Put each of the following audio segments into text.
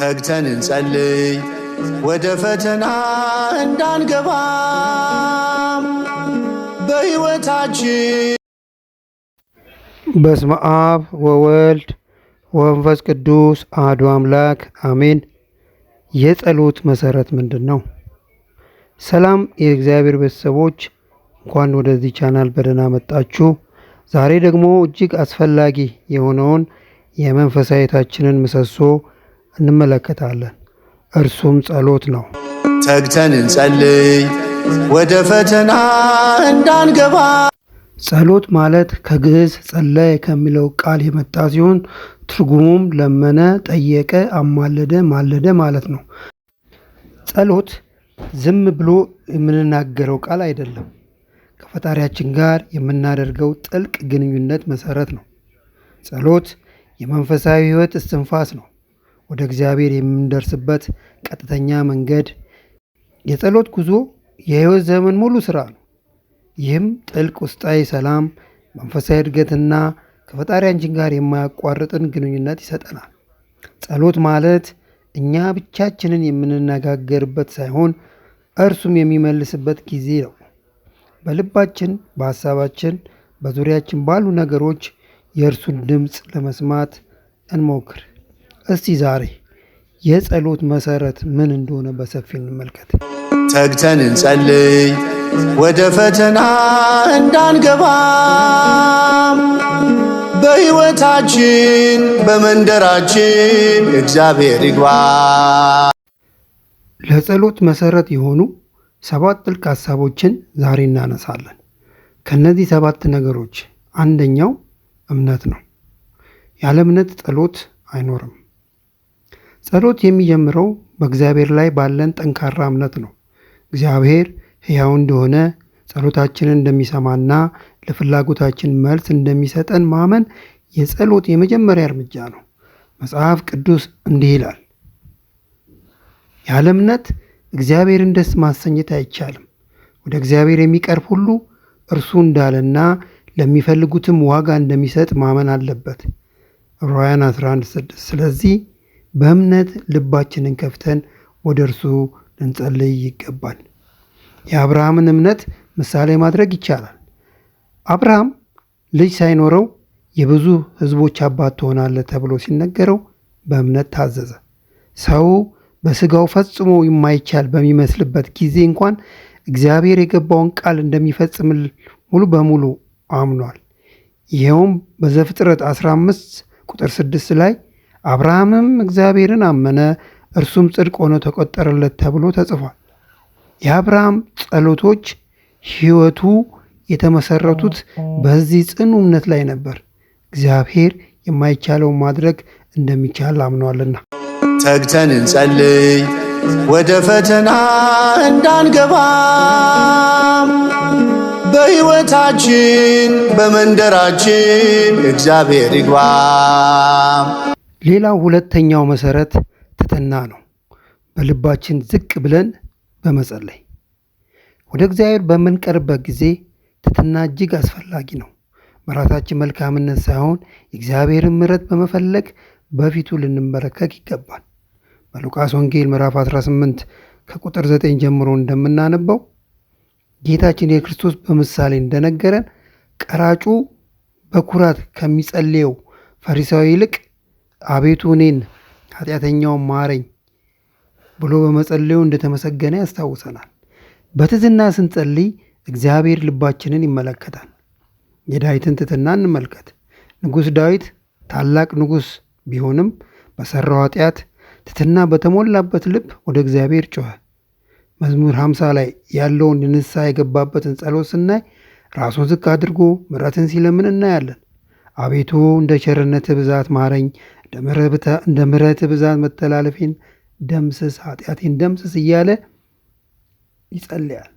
ተግተን እንጸልይ ወደ ፈተና እንዳንገባ በሕይወታችን። በስመ አብ ወወልድ ወመንፈስ ቅዱስ አሐዱ አምላክ አሜን። የጸሎት መሰረት ምንድን ነው? ሰላም የእግዚአብሔር ቤተሰቦች እንኳን ወደዚህ ቻናል በደህና መጣችሁ። ዛሬ ደግሞ እጅግ አስፈላጊ የሆነውን የመንፈሳዊታችንን ምሰሶ እንመለከታለን። እርሱም ጸሎት ነው። ተግተን እንጸልይ ወደ ፈተና እንዳንገባ። ጸሎት ማለት ከግዕዝ ጸለየ ከሚለው ቃል የመጣ ሲሆን ትርጉሙም ለመነ፣ ጠየቀ፣ አማለደ፣ ማለደ ማለት ነው። ጸሎት ዝም ብሎ የምንናገረው ቃል አይደለም። ከፈጣሪያችን ጋር የምናደርገው ጥልቅ ግንኙነት መሰረት ነው። ጸሎት የመንፈሳዊ ሕይወት እስትንፋስ ነው። ወደ እግዚአብሔር የምንደርስበት ቀጥተኛ መንገድ። የጸሎት ጉዞ የህይወት ዘመን ሙሉ ስራ ነው። ይህም ጥልቅ ውስጣዊ ሰላም፣ መንፈሳዊ እድገትና ከፈጣሪያችን ጋር የማያቋርጥን ግንኙነት ይሰጠናል። ጸሎት ማለት እኛ ብቻችንን የምንነጋገርበት ሳይሆን እርሱም የሚመልስበት ጊዜ ነው። በልባችን፣ በሐሳባችን፣ በዙሪያችን ባሉ ነገሮች የእርሱን ድምፅ ለመስማት እንሞክር። እስቲ ዛሬ የጸሎት መሰረት ምን እንደሆነ በሰፊ እንመልከት። ተግተን እንጸልይ ወደ ፈተና እንዳንገባ፣ በሕይወታችን በመንደራችን እግዚአብሔር ይግባ። ለጸሎት መሰረት የሆኑ ሰባት ጥልቅ ሀሳቦችን ዛሬ እናነሳለን። ከእነዚህ ሰባት ነገሮች አንደኛው እምነት ነው። ያለ እምነት ጸሎት አይኖርም። ጸሎት የሚጀምረው በእግዚአብሔር ላይ ባለን ጠንካራ እምነት ነው። እግዚአብሔር ሕያው እንደሆነ ጸሎታችንን እንደሚሰማና ለፍላጎታችን መልስ እንደሚሰጠን ማመን የጸሎት የመጀመሪያ እርምጃ ነው። መጽሐፍ ቅዱስ እንዲህ ይላል፣ ያለ እምነት እግዚአብሔርን ደስ ማሰኘት አይቻልም። ወደ እግዚአብሔር የሚቀርብ ሁሉ እርሱ እንዳለና ለሚፈልጉትም ዋጋ እንደሚሰጥ ማመን አለበት። ዕብራውያን 11፥6 ስለዚህ በእምነት ልባችንን ከፍተን ወደ እርሱ ልንጸልይ ይገባል። የአብርሃምን እምነት ምሳሌ ማድረግ ይቻላል። አብርሃም ልጅ ሳይኖረው የብዙ ሕዝቦች አባት ትሆናለህ ተብሎ ሲነገረው በእምነት ታዘዘ። ሰው በሥጋው ፈጽሞ የማይቻል በሚመስልበት ጊዜ እንኳን እግዚአብሔር የገባውን ቃል እንደሚፈጽምል ሙሉ በሙሉ አምኗል። ይኸውም በዘፍጥረት 15 ቁጥር 6 ላይ አብርሃምም እግዚአብሔርን አመነ፣ እርሱም ጽድቅ ሆኖ ተቆጠረለት ተብሎ ተጽፏል። የአብርሃም ጸሎቶች፣ ሕይወቱ የተመሰረቱት በዚህ ጽኑ እምነት ላይ ነበር። እግዚአብሔር የማይቻለውን ማድረግ እንደሚቻል አምኗልና ተግተን እንጸልይ፣ ወደ ፈተና እንዳንገባ፣ በሕይወታችን በመንደራችን እግዚአብሔር ይግባ። ሌላው ሁለተኛው መሰረት ትሕትና ነው። በልባችን ዝቅ ብለን በመጸለይ ወደ እግዚአብሔር በምንቀርበት ጊዜ ትትና እጅግ አስፈላጊ ነው። በራሳችን መልካምነት ሳይሆን የእግዚአብሔርን ምሕረት በመፈለግ በፊቱ ልንመረከክ ይገባል። በሉቃስ ወንጌል ምዕራፍ 18 ከቁጥር 9 ጀምሮ እንደምናነበው ጌታችን የክርስቶስ በምሳሌ እንደነገረን ቀራጩ በኩራት ከሚጸልየው ፈሪሳዊ ይልቅ አቤቱ እኔን ኃጢአተኛውን ማረኝ ብሎ በመጸለዩ እንደተመሰገነ ያስታውሰናል። በትህትና ስንጸልይ እግዚአብሔር ልባችንን ይመለከታል። የዳዊትን ትህትና እንመልከት። ንጉሥ ዳዊት ታላቅ ንጉሥ ቢሆንም በሠራው ኃጢአት ትህትና በተሞላበት ልብ ወደ እግዚአብሔር ጮኸ። መዝሙር 50 ላይ ያለውን ንስሐ የገባበትን ጸሎት ስናይ ራሱን ዝቅ አድርጎ ምሕረትን ሲለምን እናያለን። አቤቱ እንደ ቸርነት ብዛት ማረኝ፣ እንደ ምረት ብዛት መተላለፌን ደምስስ፣ ኃጢአቴን ደምስስ እያለ ይጸልያል።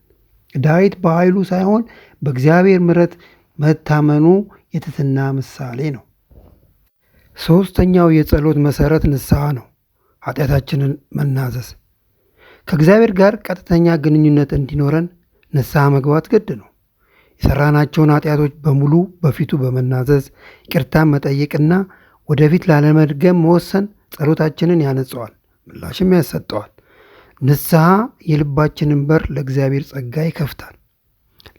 ዳዊት በኃይሉ ሳይሆን በእግዚአብሔር ምረት መታመኑ የትትና ምሳሌ ነው። ሦስተኛው የጸሎት መሠረት ንስሐ ነው። ኃጢአታችንን መናዘዝ ከእግዚአብሔር ጋር ቀጥተኛ ግንኙነት እንዲኖረን ንስሐ መግባት ግድ ነው። የሰራናቸውን ኃጢአቶች በሙሉ በፊቱ በመናዘዝ ቅርታን መጠየቅና ወደፊት ላለመድገም መወሰን ጸሎታችንን ያነጸዋል፣ ምላሽም ያሰጠዋል። ንስሐ የልባችንን በር ለእግዚአብሔር ጸጋ ይከፍታል።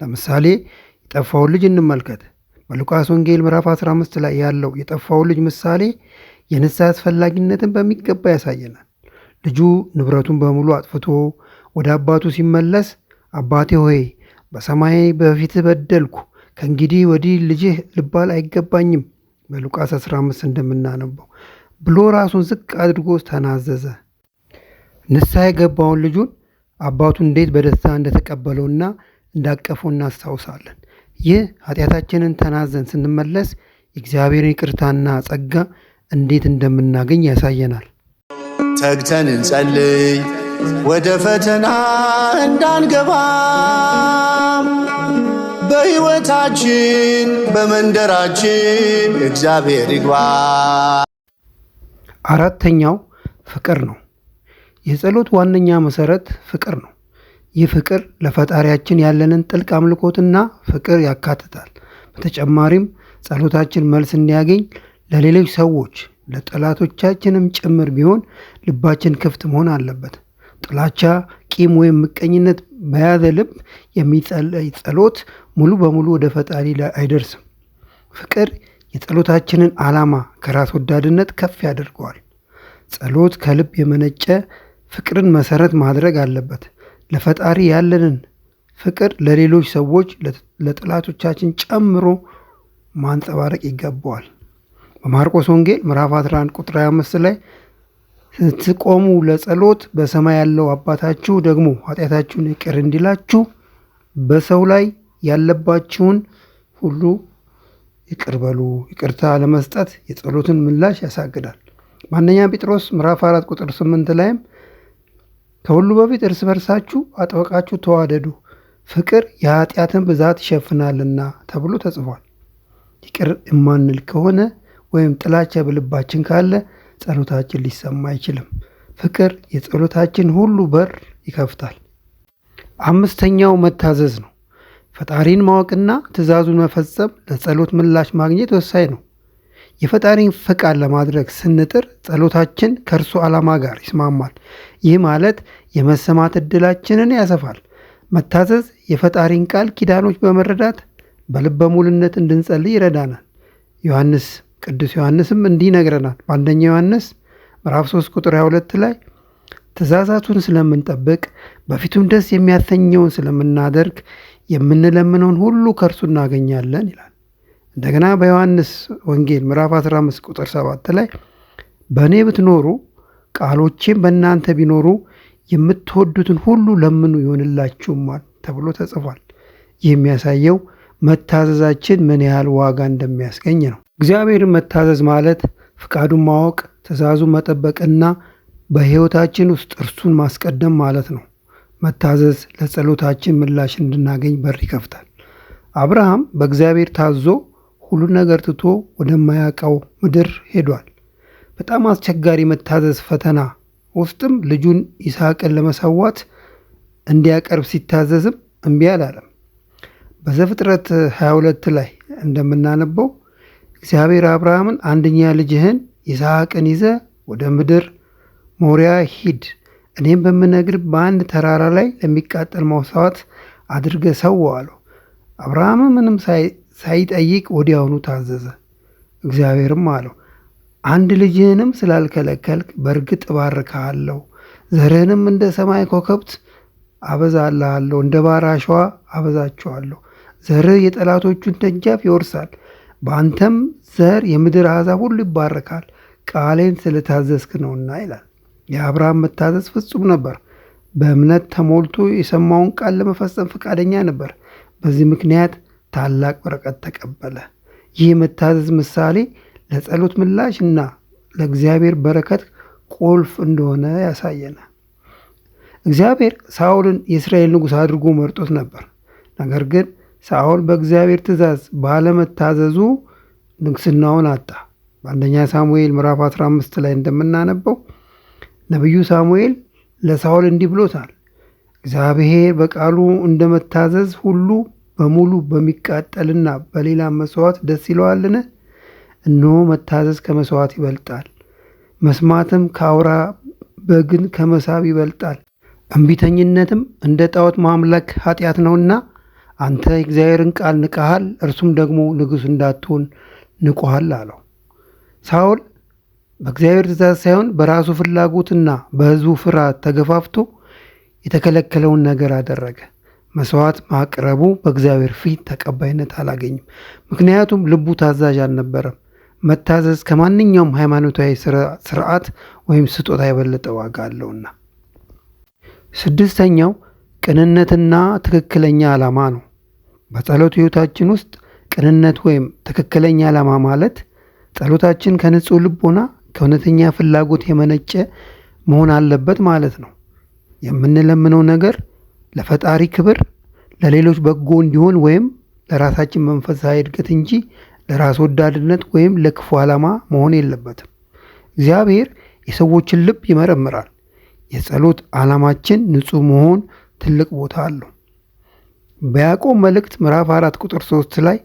ለምሳሌ የጠፋውን ልጅ እንመልከት። በሉቃስ ወንጌል ምዕራፍ 15 ላይ ያለው የጠፋውን ልጅ ምሳሌ የንስሐ አስፈላጊነትን በሚገባ ያሳየናል። ልጁ ንብረቱን በሙሉ አጥፍቶ ወደ አባቱ ሲመለስ አባቴ ሆይ በሰማይ በፊትህ በደልኩ፣ ከእንግዲህ ወዲህ ልጅህ ልባል አይገባኝም በሉቃስ 15 እንደምናነበው ብሎ ራሱን ዝቅ አድርጎ ተናዘዘ። ንስሐ የገባውን ልጁን አባቱ እንዴት በደስታ እንደተቀበለውና እንዳቀፈው እናስታውሳለን። ይህ ኃጢአታችንን ተናዘን ስንመለስ የእግዚአብሔርን ይቅርታና ጸጋ እንዴት እንደምናገኝ ያሳየናል። ተግተን እንጸልይ፣ ወደ ፈተና እንዳንገባ በሕይወታችን በመንደራችን እግዚአብሔር ይግባ። አራተኛው ፍቅር ነው። የጸሎት ዋነኛ መሰረት ፍቅር ነው። ይህ ፍቅር ለፈጣሪያችን ያለንን ጥልቅ አምልኮትና ፍቅር ያካትታል። በተጨማሪም ጸሎታችን መልስ እንዲያገኝ ለሌሎች ሰዎች ለጠላቶቻችንም ጭምር ቢሆን ልባችን ክፍት መሆን አለበት። ጥላቻ፣ ቂም ወይም ምቀኝነት በያዘ ልብ የሚጸለይ ጸሎት ሙሉ በሙሉ ወደ ፈጣሪ ላይ አይደርስም። ፍቅር የጸሎታችንን ዓላማ ከራስ ወዳድነት ከፍ ያደርገዋል። ጸሎት ከልብ የመነጨ ፍቅርን መሰረት ማድረግ አለበት። ለፈጣሪ ያለንን ፍቅር ለሌሎች ሰዎች፣ ለጠላቶቻችን ጨምሮ ማንጸባረቅ ይገባዋል። በማርቆስ ወንጌል ምዕራፍ 11 ቁጥር 25 ላይ ስትቆሙ ለጸሎት በሰማይ ያለው አባታችሁ ደግሞ ኃጢአታችሁን ይቅር እንዲላችሁ በሰው ላይ ያለባችሁን ሁሉ ይቅር በሉ። ይቅርታ ለመስጠት የጸሎትን ምላሽ ያሳግዳል። በአንደኛ ጴጥሮስ ምዕራፍ አራት ቁጥር ስምንት ላይም ከሁሉ በፊት እርስ በርሳችሁ አጥበቃችሁ ተዋደዱ፣ ፍቅር የኃጢአትን ብዛት ይሸፍናልና ተብሎ ተጽፏል። ይቅር የማንል ከሆነ ወይም ጥላቻ በልባችን ካለ ጸሎታችን ሊሰማ አይችልም። ፍቅር የጸሎታችን ሁሉ በር ይከፍታል። አምስተኛው መታዘዝ ነው። ፈጣሪን ማወቅና ትእዛዙን መፈጸም ለጸሎት ምላሽ ማግኘት ወሳኝ ነው። የፈጣሪን ፈቃድ ለማድረግ ስንጥር ጸሎታችን ከእርሱ ዓላማ ጋር ይስማማል። ይህ ማለት የመሰማት ዕድላችንን ያሰፋል። መታዘዝ የፈጣሪን ቃል ኪዳኖች በመረዳት በልበ ሙልነት እንድንጸልይ ይረዳናል። ዮሐንስ ቅዱስ ዮሐንስም እንዲህ ነግረናል በአንደኛ ዮሐንስ ምዕራፍ 3 ቁጥር 22 ላይ ትእዛዛቱን ስለምንጠብቅ በፊቱም ደስ የሚያሰኘውን ስለምናደርግ የምንለምነውን ሁሉ ከእርሱ እናገኛለን ይላል። እንደገና በዮሐንስ ወንጌል ምዕራፍ 15 ቁጥር 7 ላይ በእኔ ብትኖሩ ቃሎቼም በእናንተ ቢኖሩ የምትወዱትን ሁሉ ለምኑ ይሆንላችሁማል ተብሎ ተጽፏል። ይህ የሚያሳየው መታዘዛችን ምን ያህል ዋጋ እንደሚያስገኝ ነው። እግዚአብሔርን መታዘዝ ማለት ፍቃዱን ማወቅ፣ ትእዛዙን መጠበቅና በሕይወታችን ውስጥ እርሱን ማስቀደም ማለት ነው። መታዘዝ ለጸሎታችን ምላሽ እንድናገኝ በር ይከፍታል። አብርሃም በእግዚአብሔር ታዞ ሁሉን ነገር ትቶ ወደማያውቀው ምድር ሄዷል። በጣም አስቸጋሪ መታዘዝ ፈተና ውስጥም ልጁን ይስሐቅን ለመሰዋት እንዲያቀርብ ሲታዘዝም እምቢ አላለም። በዘፍጥረት 22 ላይ እንደምናነበው እግዚአብሔር አብርሃምን አንደኛ ልጅህን ይስሐቅን ይዘ ወደ ምድር ሞሪያ ሂድ፣ እኔም በምነግር በአንድ ተራራ ላይ ለሚቃጠል መሥዋዕት አድርገ ሰው አለው። አብርሃም ምንም ሳይጠይቅ ወዲያውኑ ታዘዘ። እግዚአብሔርም አለው አንድ ልጅህንም ስላልከለከልክ በእርግጥ እባርክሃለሁ፣ ዘርህንም እንደ ሰማይ ኮከብት አበዛልሃለሁ፣ እንደ ባህር አበዛችኋለሁ። ዘርህ የጠላቶቹን ደጃፍ ይወርሳል። በአንተም ዘር የምድር አሕዛብ ሁሉ ይባረካል ቃሌን ስለታዘዝክ ነውና ይላል። የአብርሃም መታዘዝ ፍጹም ነበር። በእምነት ተሞልቶ የሰማውን ቃል ለመፈጸም ፈቃደኛ ነበር። በዚህ ምክንያት ታላቅ በረከት ተቀበለ። ይህ የመታዘዝ ምሳሌ ለጸሎት ምላሽ እና ለእግዚአብሔር በረከት ቁልፍ እንደሆነ ያሳየነ። እግዚአብሔር ሳኦልን የእስራኤል ንጉሥ አድርጎ መርጦት ነበር። ነገር ግን ሳኦል በእግዚአብሔር ትእዛዝ ባለመታዘዙ ንግስናውን አጣ። በአንደኛ ሳሙኤል ምዕራፍ 15 ላይ እንደምናነበው ነቢዩ ሳሙኤል ለሳኦል እንዲህ ብሎታል፣ እግዚአብሔር በቃሉ እንደመታዘዝ ሁሉ በሙሉ በሚቃጠልና በሌላ መስዋዕት ደስ ይለዋልን? እነሆ መታዘዝ ከመስዋዕት ይበልጣል፣ መስማትም ከአውራ በግን ከመሳብ ይበልጣል። እምቢተኝነትም እንደ ጣዖት ማምለክ ኃጢአት ነውና አንተ የእግዚአብሔርን ቃል ንቀሃል፣ እርሱም ደግሞ ንጉሥ እንዳትሆን ንቆሃል አለው። ሳውል በእግዚአብሔር ትእዛዝ ሳይሆን በራሱ ፍላጎትና በሕዝቡ ፍርሃት ተገፋፍቶ የተከለከለውን ነገር አደረገ። መስዋዕት ማቅረቡ በእግዚአብሔር ፊት ተቀባይነት አላገኝም። ምክንያቱም ልቡ ታዛዥ አልነበረም። መታዘዝ ከማንኛውም ሃይማኖታዊ ስርዓት ወይም ስጦታ የበለጠ ዋጋ አለውና። ስድስተኛው ቅንነትና ትክክለኛ ዓላማ ነው። በጸሎት ሕይወታችን ውስጥ ቅንነት ወይም ትክክለኛ ዓላማ ማለት ጸሎታችን ከንጹሕ ልቦና ከእውነተኛ ፍላጎት የመነጨ መሆን አለበት ማለት ነው። የምንለምነው ነገር ለፈጣሪ ክብር፣ ለሌሎች በጎ እንዲሆን ወይም ለራሳችን መንፈሳዊ እድገት እንጂ ለራስ ወዳድነት ወይም ለክፉ ዓላማ መሆን የለበትም። እግዚአብሔር የሰዎችን ልብ ይመረምራል። የጸሎት ዓላማችን ንጹህ መሆን ትልቅ ቦታ አለው። በያዕቆብ መልእክት ምዕራፍ 4 ቁጥር ሶስት ላይ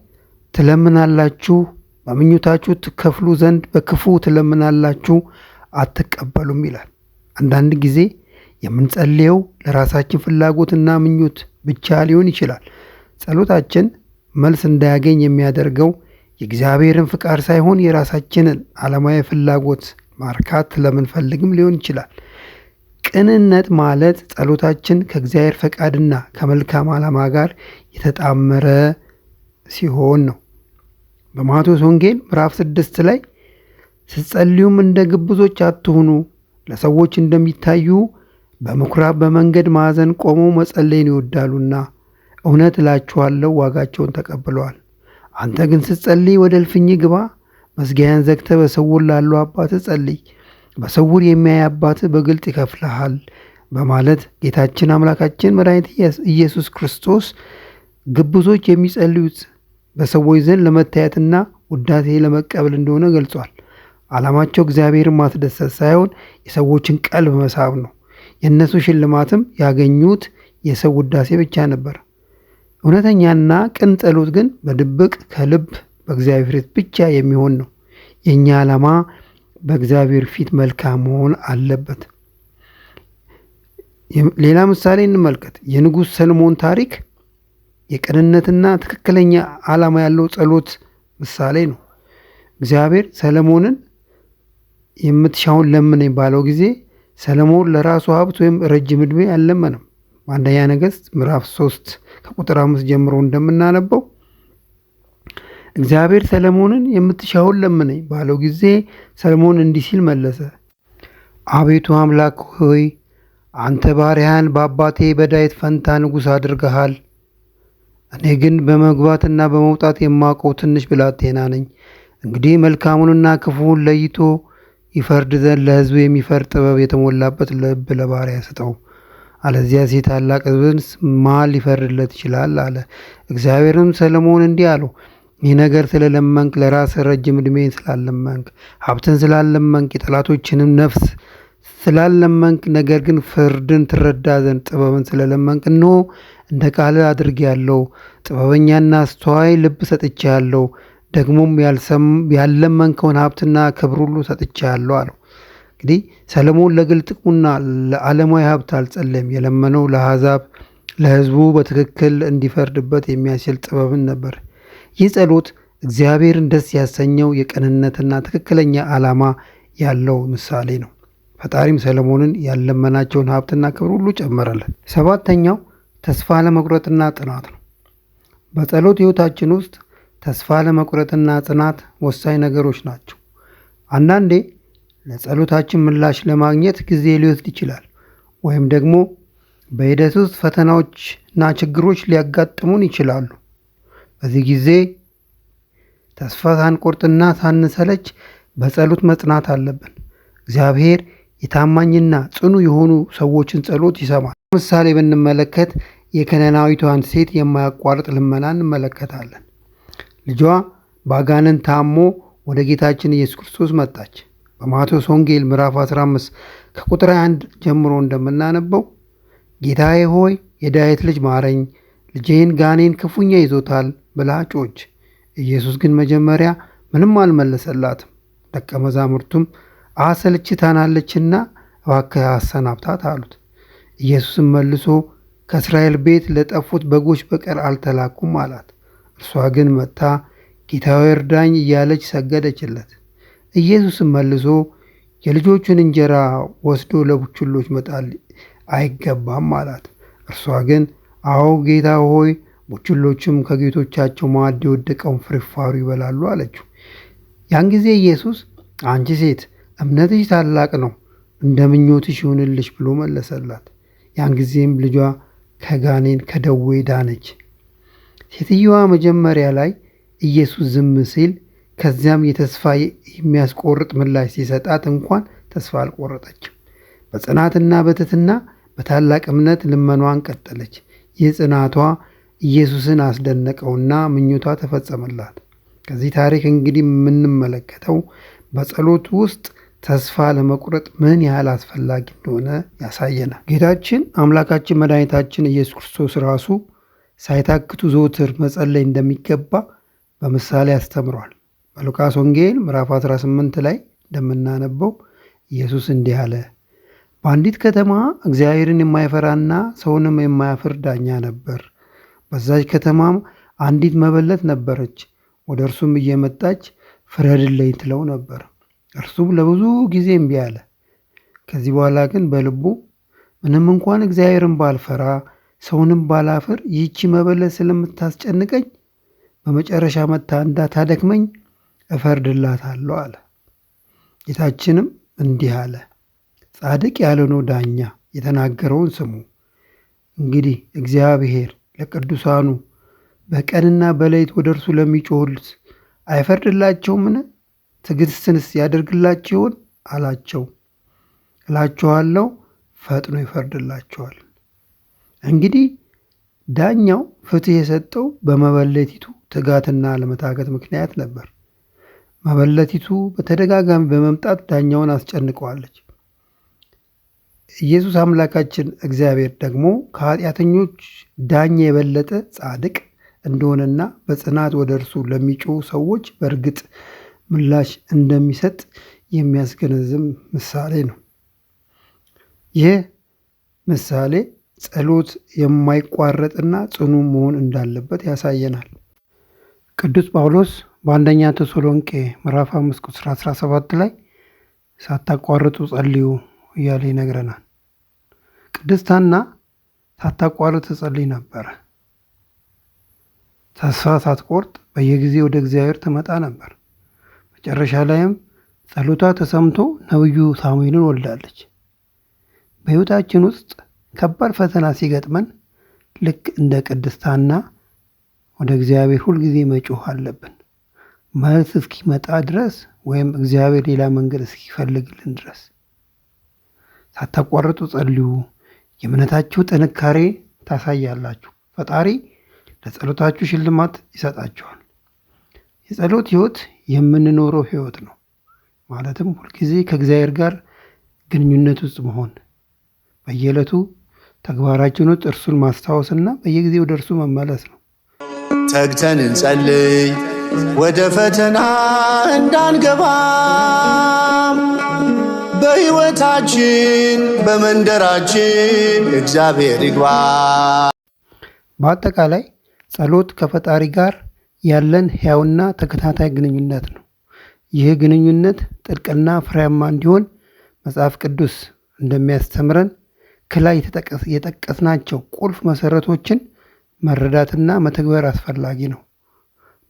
ትለምናላችሁ፣ በምኞታችሁ ትከፍሉ ዘንድ በክፉ ትለምናላችሁ፣ አትቀበሉም ይላል። አንዳንድ ጊዜ የምንጸልየው ለራሳችን ፍላጎትና ምኞት ብቻ ሊሆን ይችላል። ጸሎታችን መልስ እንዳያገኝ የሚያደርገው የእግዚአብሔርን ፍቃድ ሳይሆን የራሳችንን ዓለማዊ ፍላጎት ማርካት ለምንፈልግም ሊሆን ይችላል። ቅንነት ማለት ጸሎታችን ከእግዚአብሔር ፈቃድና ከመልካም ዓላማ ጋር የተጣመረ ሲሆን ነው። በማቴዎስ ወንጌል ምዕራፍ ስድስት ላይ ስትጸልዩም እንደ ግብዞች አትሁኑ፣ ለሰዎች እንደሚታዩ በምኩራብ በመንገድ ማዕዘን ቆመው መጸለይን ይወዳሉና እውነት እላችኋለሁ ዋጋቸውን ተቀብለዋል። አንተ ግን ስትጸልይ ወደ እልፍኝ ግባ፣ መዝጊያን ዘግተ በስውር ላለው አባት ጸልይ በስውር የሚያይ አባት በግልጥ ይከፍልሃል በማለት ጌታችን አምላካችን መድኃኒት ኢየሱስ ክርስቶስ ግብዞች የሚጸልዩት በሰዎች ዘንድ ለመታየትና ውዳሴ ለመቀበል እንደሆነ ገልጿል። ዓላማቸው እግዚአብሔርን ማስደሰት ሳይሆን የሰዎችን ቀልብ መሳብ ነው። የእነሱ ሽልማትም ያገኙት የሰው ውዳሴ ብቻ ነበር። እውነተኛና ቅን ጸሎት ግን በድብቅ ከልብ በእግዚአብሔር ፊት ብቻ የሚሆን ነው። የእኛ ዓላማ በእግዚአብሔር ፊት መልካም መሆን አለበት። ሌላ ምሳሌ እንመልከት። የንጉሥ ሰልሞን ታሪክ የቅንነትና ትክክለኛ ዓላማ ያለው ጸሎት ምሳሌ ነው። እግዚአብሔር ሰለሞንን የምትሻውን ለምነኝ ባለው ጊዜ ሰለሞን ለራሱ ሀብት ወይም ረጅም ዕድሜ አልለመነም። አንደኛ ነገሥት ምዕራፍ 3 ከቁጥር አምስት ጀምሮ እንደምናነበው እግዚአብሔር ሰለሞንን የምትሻውን ለምነኝ ባለው ጊዜ ሰለሞን እንዲህ ሲል መለሰ። አቤቱ አምላክ ሆይ አንተ ባሪያህን በአባቴ በዳዊት ፈንታ ንጉሥ አድርገሃል። እኔ ግን በመግባትና በመውጣት የማውቀው ትንሽ ብላቴና ነኝ። እንግዲህ መልካሙንና ክፉውን ለይቶ ይፈርድ ዘንድ ለሕዝቡ የሚፈርድ ጥበብ የተሞላበት ልብ ለባሪያ ስጠው፣ አለዚያ ሴ ታላቅ ሕዝብን ማን ሊፈርድለት ይችላል? አለ። እግዚአብሔርም ሰለሞን እንዲህ አለው ይህ ነገር ስለለመንክ ለራስ ረጅም ዕድሜን ስላለመንክ ሀብትን ስላለመንክ የጠላቶችንም ነፍስ ስላለመንክ ነገር ግን ፍርድን ትረዳ ዘንድ ጥበብን ስለለመንክ እንሆ እንደ ቃል አድርግ ያለው ጥበበኛና አስተዋይ ልብ ሰጥቼ ያለው ደግሞም ያለመንከውን ሀብትና ክብር ሁሉ ሰጥቼ ያለው አለው። እንግዲህ ሰለሞን ለግል ጥቅሙና ለዓለማዊ ሀብት አልጸለም። የለመነው ለአሕዛብ ለህዝቡ በትክክል እንዲፈርድበት የሚያስችል ጥበብን ነበር። ይህ ጸሎት እግዚአብሔርን ደስ ያሰኘው የቅንነትና ትክክለኛ ዓላማ ያለው ምሳሌ ነው። ፈጣሪም ሰለሞንን ያለመናቸውን ሀብትና ክብር ሁሉ ጨመረለት። ሰባተኛው ተስፋ ለመቁረጥና ጥናት ነው። በጸሎት ሕይወታችን ውስጥ ተስፋ ለመቁረጥና ጽናት ወሳኝ ነገሮች ናቸው። አንዳንዴ ለጸሎታችን ምላሽ ለማግኘት ጊዜ ሊወስድ ይችላል፣ ወይም ደግሞ በሂደት ውስጥ ፈተናዎችና ችግሮች ሊያጋጥሙን ይችላሉ። በዚህ ጊዜ ተስፋ ሳንቆርጥና ሳንሰለች በጸሎት መጽናት አለብን። እግዚአብሔር የታማኝና ጽኑ የሆኑ ሰዎችን ጸሎት ይሰማል። ምሳሌ ብንመለከት የከነናዊቷን ሴት የማያቋርጥ ልመና እንመለከታለን። ልጇ በአጋንንት ታሞ ወደ ጌታችን ኢየሱስ ክርስቶስ መጣች። በማቴዎስ ወንጌል ምዕራፍ 15 ከቁጥር 1 ጀምሮ እንደምናነበው ጌታዬ ሆይ የዳዊት ልጅ ማረኝ ልጄን ጋኔን ክፉኛ ይዞታል ብላ ጮች። ኢየሱስ ግን መጀመሪያ ምንም አልመለሰላትም። ደቀ መዛሙርቱም አሰልችታናለችና እባክህ አሰናብታት አሉት። ኢየሱስም መልሶ ከእስራኤል ቤት ለጠፉት በጎች በቀር አልተላኩም አላት። እርሷ ግን መጥታ ጌታዊ እርዳኝ እያለች ሰገደችለት። ኢየሱስም መልሶ የልጆቹን እንጀራ ወስዶ ለቡችሎች መጣል አይገባም አላት። እርሷ ግን አዎ ጌታ ሆይ ቡችሎችም ከጌቶቻቸው ማዕድ የወደቀውን ፍርፋሩ ይበላሉ አለችው። ያን ጊዜ ኢየሱስ አንቺ ሴት እምነትሽ ታላቅ ነው፣ እንደ ምኞትሽ ይሁንልሽ ብሎ መለሰላት። ያን ጊዜም ልጇ ከጋኔን ከደዌ ዳነች። ሴትየዋ መጀመሪያ ላይ ኢየሱስ ዝም ሲል ከዚያም የተስፋ የሚያስቆርጥ ምላሽ ሲሰጣት እንኳን ተስፋ አልቆረጠችም። በጽናትና በትትና በታላቅ እምነት ልመኗን ቀጠለች። የጽናቷ ኢየሱስን አስደነቀውና ምኞቷ ተፈጸመላት። ከዚህ ታሪክ እንግዲህ የምንመለከተው በጸሎት ውስጥ ተስፋ ለመቁረጥ ምን ያህል አስፈላጊ እንደሆነ ያሳየናል። ጌታችን አምላካችን መድኃኒታችን ኢየሱስ ክርስቶስ ራሱ ሳይታክቱ ዘውትር መጸለይ እንደሚገባ በምሳሌ አስተምሯል። በሉቃስ ወንጌል ምዕራፍ 18 ላይ እንደምናነበው ኢየሱስ እንዲህ አለ በአንዲት ከተማ እግዚአብሔርን የማይፈራና ሰውንም የማያፍር ዳኛ ነበር። በዛች ከተማም አንዲት መበለት ነበረች። ወደ እርሱም እየመጣች ፍረድልኝ ትለው ነበር። እርሱም ለብዙ ጊዜ እምቢ አለ። ከዚህ በኋላ ግን በልቡ ምንም እንኳን እግዚአብሔርን ባልፈራ ሰውንም ባላፍር ይህቺ መበለት ስለምታስጨንቀኝ በመጨረሻ መታ እንዳታደክመኝ እፈርድላታለሁ አለ። ጌታችንም እንዲህ አለ ጻድቅ ያልሆነው ዳኛ የተናገረውን ስሙ። እንግዲህ እግዚአብሔር ለቅዱሳኑ በቀንና በሌሊት ወደ እርሱ ለሚጮሁት አይፈርድላቸውምን? ትዕግስትንስ ያደርግላቸው ይሆን አላቸው። እላችኋለሁ ፈጥኖ ይፈርድላቸዋል። እንግዲህ ዳኛው ፍትህ የሰጠው በመበለቲቱ ትጋትና ለመታገት ምክንያት ነበር። መበለቲቱ በተደጋጋሚ በመምጣት ዳኛውን አስጨንቀዋለች። ኢየሱስ አምላካችን እግዚአብሔር ደግሞ ከኃጢአተኞች ዳኛ የበለጠ ጻድቅ እንደሆነና በጽናት ወደ እርሱ ለሚጮሁ ሰዎች በእርግጥ ምላሽ እንደሚሰጥ የሚያስገነዝም ምሳሌ ነው። ይህ ምሳሌ ጸሎት የማይቋረጥና ጽኑ መሆን እንዳለበት ያሳየናል። ቅዱስ ጳውሎስ በአንደኛ ተሰሎንቄ ምዕራፍ 5 ቁጥር 17 ላይ ሳታቋርጡ ጸልዩ እያለ ይነግረናል። ቅድስት ሐና ሳታቋርጥ ትጸልይ ነበረ። ተስፋ ሳትቆርጥ በየጊዜ ወደ እግዚአብሔር ትመጣ ነበር። መጨረሻ ላይም ጸሎቷ ተሰምቶ ነብዩ ሳሙኤልን ወልዳለች። በሕይወታችን ውስጥ ከባድ ፈተና ሲገጥመን ልክ እንደ ቅድስት ሐና ወደ እግዚአብሔር ሁልጊዜ መጮህ አለብን። መልስ እስኪመጣ ድረስ ወይም እግዚአብሔር ሌላ መንገድ እስኪፈልግልን ድረስ ሳታቋርጡ ጸልዩ፣ የእምነታችሁ ጥንካሬ ታሳያላችሁ። ፈጣሪ ለጸሎታችሁ ሽልማት ይሰጣችኋል። የጸሎት ህይወት የምንኖረው ህይወት ነው። ማለትም ሁልጊዜ ከእግዚአብሔር ጋር ግንኙነት ውስጥ መሆን፣ በየዕለቱ ተግባራችን ውስጥ እርሱን ማስታወስና በየጊዜ ወደ እርሱ መመለስ ነው። ተግተን እንጸልይ ወደ ፈተና እንዳንገባም በሕይወታችን በመንደራችን እግዚአብሔር ይግባ። በአጠቃላይ ጸሎት ከፈጣሪ ጋር ያለን ሕያውና ተከታታይ ግንኙነት ነው። ይህ ግንኙነት ጥልቅና ፍሬያማ እንዲሆን መጽሐፍ ቅዱስ እንደሚያስተምረን ከላይ የጠቀስናቸው ቁልፍ መሠረቶችን መረዳትና መተግበር አስፈላጊ ነው።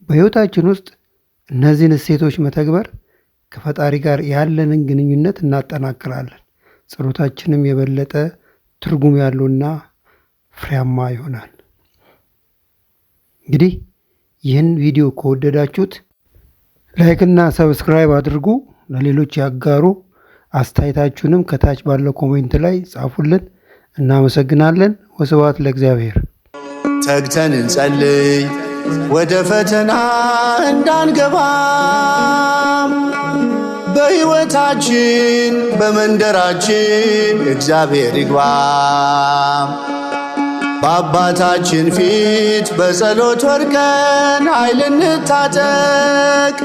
በሕይወታችን ውስጥ እነዚህን እሴቶች መተግበር ከፈጣሪ ጋር ያለንን ግንኙነት እናጠናክራለን። ጸሎታችንም የበለጠ ትርጉም ያለውና ፍሬያማ ይሆናል። እንግዲህ ይህን ቪዲዮ ከወደዳችሁት ላይክና ሰብስክራይብ አድርጉ፣ ለሌሎች ያጋሩ። አስተያየታችሁንም ከታች ባለው ኮሜንት ላይ ጻፉልን። እናመሰግናለን። ወስብሐት ለእግዚአብሔር። ተግተን እንጸልይ። ወደ ፈተና እንዳንገባ በሕይወታችን በመንደራችን እግዚአብሔር ይግባ። በአባታችን ፊት በጸሎት ወርቀን ኃይል እንታጠቅ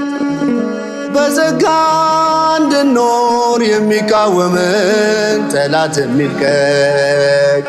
በጸጋ እንድኖር የሚቃወምን ጠላት የሚልቀቅ